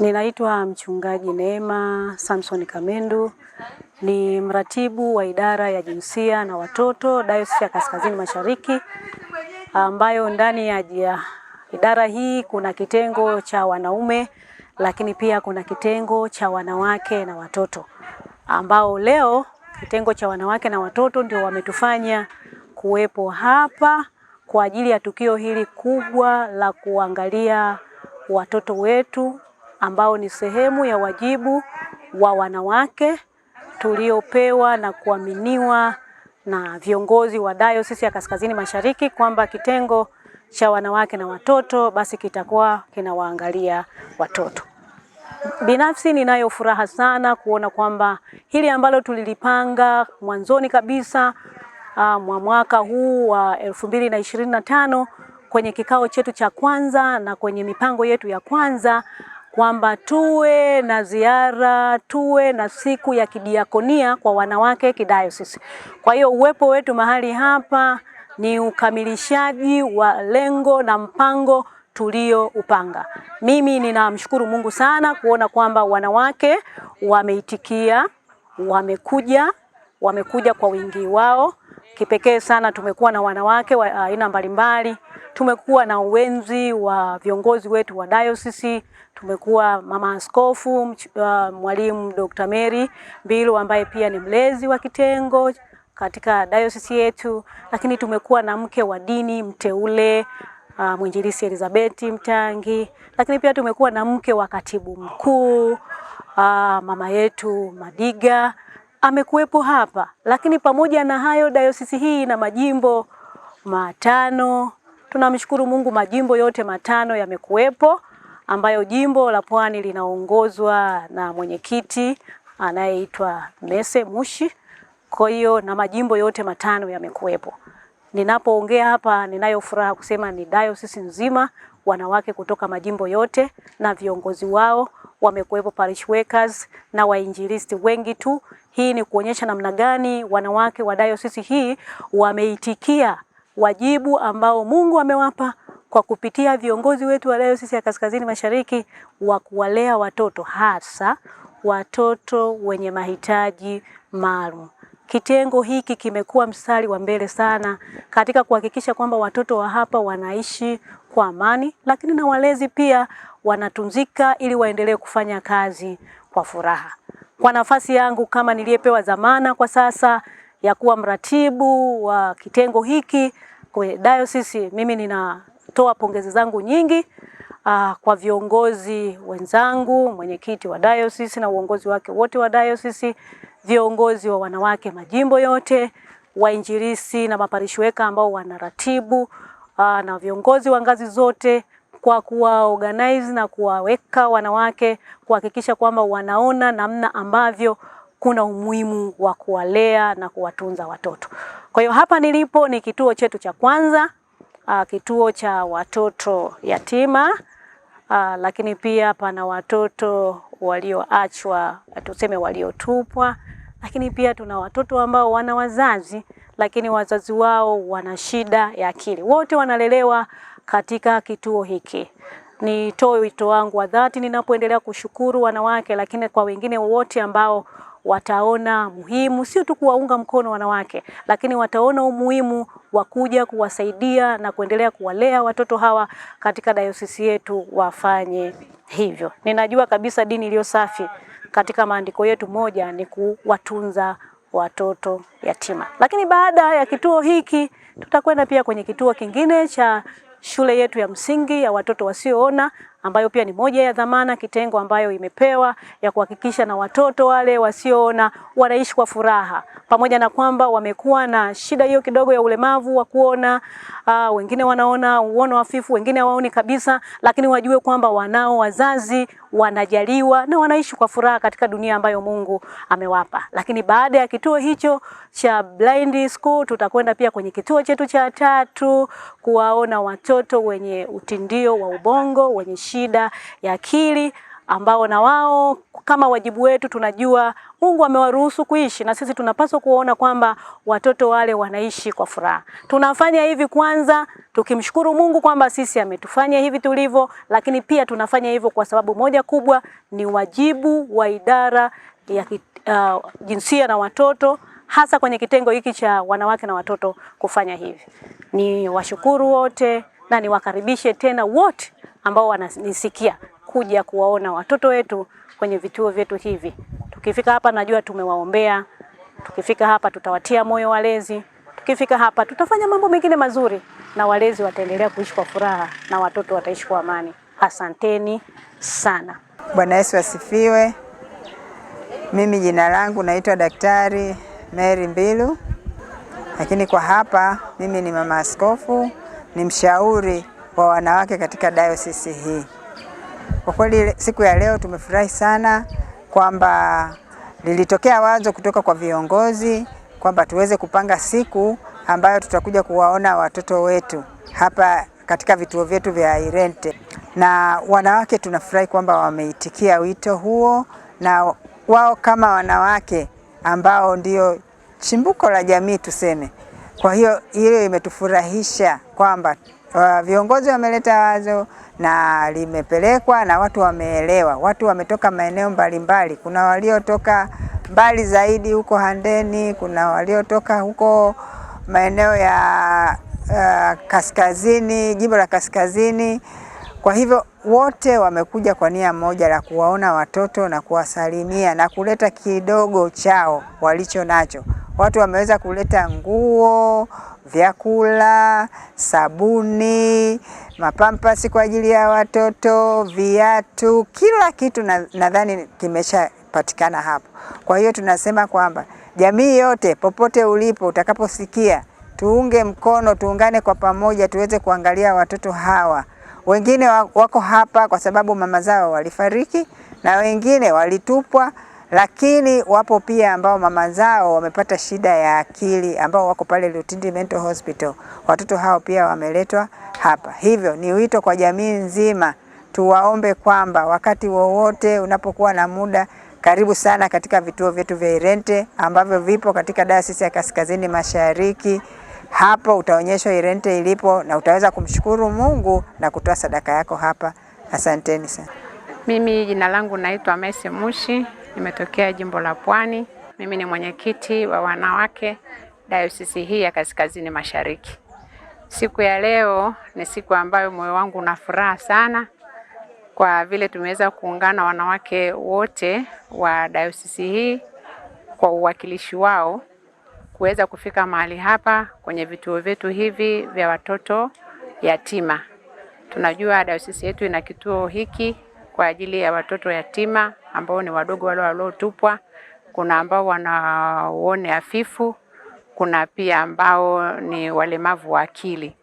Ninaitwa mchungaji Neema Samson Kamendu, ni mratibu wa idara ya jinsia na watoto Dayosisi ya Kaskazini Mashariki, ambayo ndani ya idara hii kuna kitengo cha wanaume, lakini pia kuna kitengo cha wanawake na watoto, ambao leo kitengo cha wanawake na watoto ndio wametufanya kuwepo hapa kwa ajili ya tukio hili kubwa la kuangalia watoto wetu ambao ni sehemu ya wajibu wa wanawake tuliopewa na kuaminiwa na viongozi wa Dayosisi ya Kaskazini Mashariki kwamba kitengo cha wanawake na watoto basi kitakuwa kinawaangalia watoto. Binafsi ninayo furaha sana kuona kwamba hili ambalo tulilipanga mwanzoni kabisa Ah, mwa mwaka huu wa elfu mbili na ishirini na tano kwenye kikao chetu cha kwanza na kwenye mipango yetu ya kwanza kwamba tuwe na ziara, tuwe na siku ya kidiakonia kwa wanawake kidayosisi. Kwa hiyo uwepo wetu mahali hapa ni ukamilishaji wa lengo na mpango tulioupanga. Mimi ninamshukuru Mungu sana kuona kwamba wanawake wameitikia, wamekuja, wamekuja kwa wingi wao Kipekee sana tumekuwa na wanawake wa aina mbalimbali, tumekuwa na uwenzi wa viongozi wetu wa dayosisi, tumekuwa mama askofu, uh, mwalimu Dr. Mary Mbilu ambaye pia ni mlezi wa kitengo katika dayosisi yetu, lakini tumekuwa na mke wa dini mteule Uh, mwinjilisi Elizabeth Mtangi, lakini pia tumekuwa na mke wa katibu mkuu uh, mama yetu Madiga, amekuwepo hapa, lakini pamoja na hayo dayosisi hii ina majimbo matano. Tunamshukuru Mungu, majimbo yote matano yamekuwepo, ambayo jimbo la Pwani linaongozwa na mwenyekiti anayeitwa Mese Mushi. Kwa hiyo na majimbo yote matano yamekuwepo. Ninapoongea hapa, ninayo furaha kusema ni dayosisi nzima wanawake kutoka majimbo yote na viongozi wao wamekuwepo parish workers na wainjilisti wengi tu. Hii ni kuonyesha namna gani wanawake wa dayosisi hii wameitikia wajibu ambao Mungu amewapa kwa kupitia viongozi wetu wa dayosisi ya Kaskazini Mashariki wa kuwalea watoto hasa watoto wenye mahitaji maalum. Kitengo hiki kimekuwa mstari wa mbele sana katika kuhakikisha kwamba watoto wa hapa wanaishi kwa amani, lakini na walezi pia wanatunzika ili waendelee kufanya kazi kwa furaha. Kwa nafasi yangu kama niliyepewa dhamana kwa sasa ya kuwa mratibu wa kitengo hiki kwa dayosisi, mimi ninatoa pongezi zangu nyingi aa, ah, kwa viongozi wenzangu, mwenyekiti wa dayosisi na uongozi wake wote wa dayosisi, viongozi wa wanawake majimbo yote, wainjilisi na maparishweka ambao wanaratibu aa, na viongozi wa ngazi zote kwa kuwa organize na kuwaweka wanawake kuhakikisha kwamba wanaona namna ambavyo kuna umuhimu wa kuwalea na kuwatunza watoto. Kwa hiyo hapa nilipo ni kituo chetu cha kwanza, aa, kituo cha watoto yatima. Aa, lakini pia pana watoto walioachwa, tuseme waliotupwa, lakini pia tuna watoto ambao wana wazazi lakini wazazi wao wana shida ya akili. Wote wanalelewa katika kituo hiki. Nitoe wito wangu wa dhati ninapoendelea kushukuru wanawake, lakini kwa wengine wote ambao wataona muhimu sio tu kuwaunga mkono wanawake, lakini wataona umuhimu wa kuja kuwasaidia na kuendelea kuwalea watoto hawa katika dayosisi yetu, wafanye hivyo. Ninajua kabisa dini iliyo safi katika maandiko yetu moja ni kuwatunza watoto yatima. Lakini baada ya kituo hiki tutakwenda pia kwenye kituo kingine cha shule yetu ya msingi ya watoto wasioona ambayo pia ni moja ya dhamana kitengo ambayo imepewa ya kuhakikisha na watoto wale wasioona wanaishi kwa furaha, pamoja na kwamba wamekuwa na shida hiyo kidogo ya ulemavu wa kuona. Uh, wengine wanaona uono hafifu, wengine hawaoni kabisa, lakini wajue kwamba wanao wazazi wanajaliwa na wanaishi kwa furaha katika dunia ambayo Mungu amewapa. Lakini baada ya kituo hicho cha Blind School, tutakwenda pia kwenye kituo chetu cha tatu kuwaona watoto wenye utindio wa ubongo, wenye shida ya akili ambao na wao kama wajibu wetu tunajua Mungu amewaruhusu kuishi na sisi tunapaswa kuona kwamba watoto wale wanaishi kwa furaha. Tunafanya hivi kwanza tukimshukuru Mungu kwamba sisi ametufanya hivi tulivyo, lakini pia tunafanya hivyo kwa sababu moja kubwa ni wajibu wa idara ya uh, jinsia na watoto hasa kwenye kitengo hiki cha wanawake na watoto kufanya hivi. Ni washukuru wote na niwakaribishe tena wote ambao wananisikia kuja kuwaona watoto wetu kwenye vituo vyetu hivi. Tukifika hapa najua tumewaombea, tukifika hapa tutawatia moyo walezi, tukifika hapa tutafanya mambo mengine mazuri, na walezi wataendelea kuishi kwa furaha na watoto wataishi kwa amani. Asanteni sana. Bwana Yesu asifiwe. Mimi jina langu naitwa Daktari Mary Mbilu, lakini kwa hapa mimi ni mama askofu, ni mshauri wa wanawake katika dayosisi hii. Kwa kweli siku ya leo tumefurahi sana kwamba lilitokea wazo kutoka kwa viongozi kwamba tuweze kupanga siku ambayo tutakuja kuwaona watoto wetu hapa katika vituo vyetu vya Irente, na wanawake tunafurahi kwamba wameitikia wito huo, na wao kama wanawake ambao ndio chimbuko la jamii tuseme. Kwa hiyo hiyo imetufurahisha kwamba uh, viongozi wameleta wazo na limepelekwa na watu wameelewa. Watu wametoka maeneo mbalimbali, kuna waliotoka mbali zaidi huko Handeni, kuna waliotoka huko maeneo ya uh, kaskazini, jimbo la kaskazini. Kwa hivyo wote wamekuja kwa nia moja la kuwaona watoto na kuwasalimia na kuleta kidogo chao walicho nacho. Watu wameweza kuleta nguo vyakula, sabuni, mapampasi kwa ajili ya watoto, viatu, kila kitu nadhani na kimeshapatikana hapo. Kwa hiyo tunasema kwamba jamii yote, popote ulipo, utakaposikia, tuunge mkono, tuungane kwa pamoja, tuweze kuangalia watoto hawa. Wengine wako hapa kwa sababu mama zao walifariki na wengine walitupwa lakini wapo pia ambao mama zao wamepata shida ya akili ambao wako pale Lutindi Mental Hospital. Watoto hao pia wameletwa hapa. Hivyo ni wito kwa jamii nzima, tuwaombe kwamba wakati wowote unapokuwa na muda, karibu sana katika vituo vyetu vya Irente ambavyo vipo katika Dayosisi ya Kaskazini Mashariki. Hapo utaonyeshwa Irente ilipo na utaweza kumshukuru Mungu na kutoa sadaka yako hapa. Asanteni sana. Mimi jina langu naitwa Mesi Mushi. Nimetokea jimbo la Pwani. Mimi ni mwenyekiti wa wanawake dayosisi hii ya Kaskazini Mashariki. Siku ya leo ni siku ambayo moyo wangu una furaha sana kwa vile tumeweza kuungana wanawake wote wa dayosisi hii kwa uwakilishi wao kuweza kufika mahali hapa kwenye vituo vyetu hivi vya watoto yatima. Tunajua dayosisi yetu ina kituo hiki kwa ajili ya watoto yatima ambao ni wadogo wale waliotupwa. Kuna ambao wanaone hafifu, kuna pia ambao ni walemavu wa akili.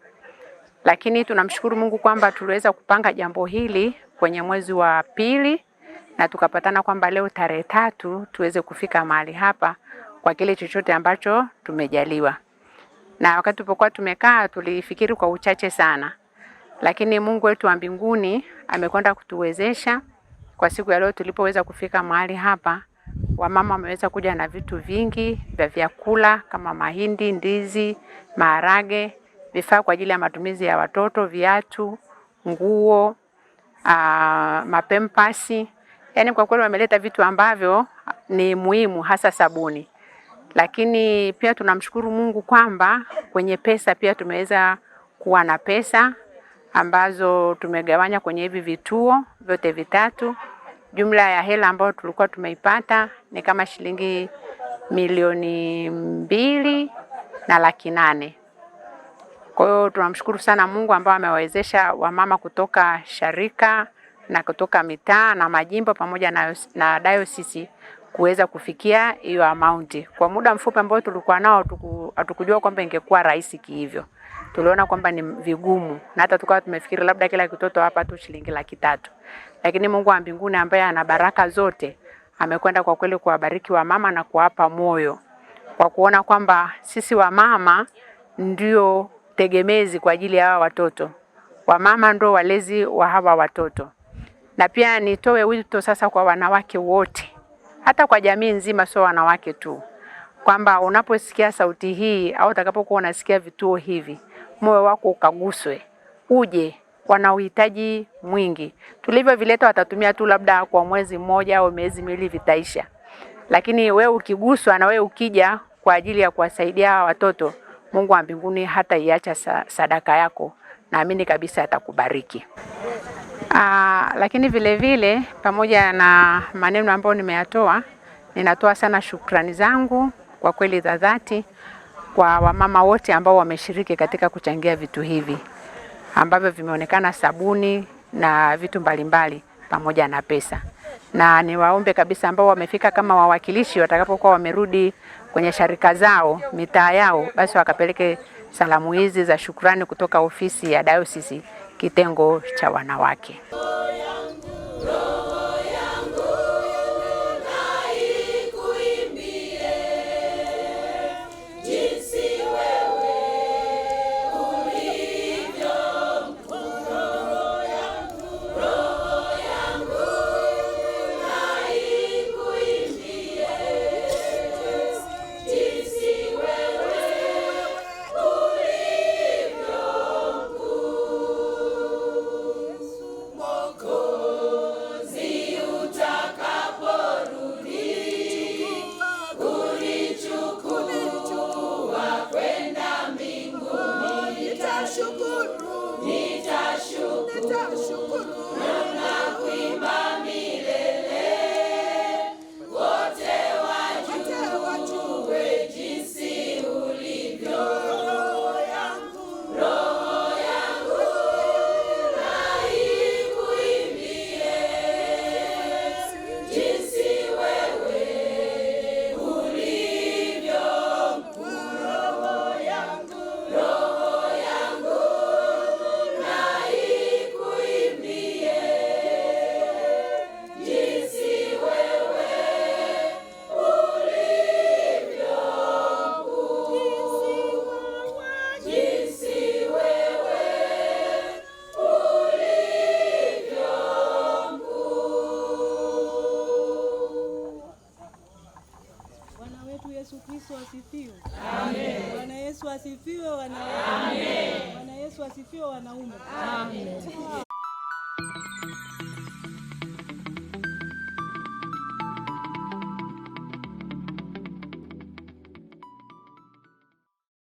Lakini tunamshukuru Mungu kwamba tuliweza kupanga jambo hili kwenye mwezi wa pili na tukapatana kwamba leo tarehe tatu tuweze kufika mahali hapa kwa kile chochote ambacho tumejaliwa. Na wakati tulipokuwa tumekaa tulifikiri kwa uchache sana lakini Mungu wetu wa mbinguni amekwenda kutuwezesha kwa siku ya leo tulipoweza kufika mahali hapa. Wamama wameweza kuja na vitu vingi vya vyakula kama mahindi, ndizi, maharage, vifaa kwa ajili ya matumizi ya watoto, viatu, nguo, ah, mapempasi. Yaani kwa kweli wameleta vitu ambavyo ni muhimu hasa sabuni. Lakini pia tunamshukuru Mungu kwamba kwenye pesa pia tumeweza kuwa na pesa ambazo tumegawanya kwenye hivi vituo vyote vitatu. Jumla ya hela ambayo tulikuwa tumeipata ni kama shilingi milioni mbili na laki nane. Kwa hiyo tunamshukuru sana Mungu ambao amewawezesha wamama kutoka sharika na kutoka mitaa na majimbo pamoja na, na dayosisi kuweza kufikia hiyo amaunti kwa muda mfupi ambao tulikuwa nao. Hatukujua kwamba ingekuwa rahisi kihivyo tuliona kwamba ni vigumu, na hata tukawa tumefikiri labda kila kitoto hapa tu shilingi laki tatu, lakini Mungu wa mbinguni ambaye ana baraka zote amekwenda kwa kweli kuwabariki wamama na kuwapa moyo kwa kuona kwamba sisi wamama ndio tegemezi kwa ajili ya hawa watoto. Wamama ndio walezi wa hawa watoto. Na pia nitoe wito sasa kwa wanawake wote, hata kwa jamii nzima, sio wanawake tu, kwamba unaposikia sauti hii au utakapokuwa unasikia vituo hivi, moyo wako ukaguswe, uje wana uhitaji mwingi. Tulivyovileta watatumia tu labda kwa mwezi mmoja au miezi miwili, vitaisha. Lakini we ukiguswa na we ukija kwa ajili ya kuwasaidia watoto, Mungu wa mbinguni hata iacha sadaka yako, naamini kabisa atakubariki. Aa, ah, lakini vile vile pamoja na maneno ambayo nimeyatoa, ninatoa sana shukrani zangu kwa kweli za dhati kwa wamama wote ambao wameshiriki katika kuchangia vitu hivi ambavyo vimeonekana, sabuni na vitu mbalimbali pamoja na pesa. Na niwaombe kabisa ambao wamefika kama wawakilishi, watakapokuwa wamerudi kwenye sharika zao, mitaa yao, basi wakapeleke salamu hizi za shukrani kutoka ofisi ya dayosisi kitengo cha wanawake. تشكرون asifiwe. Amen. Bwana Yesu asifiwe wanaume. Amen. Bwana Yesu asifiwe wanaume. Amen.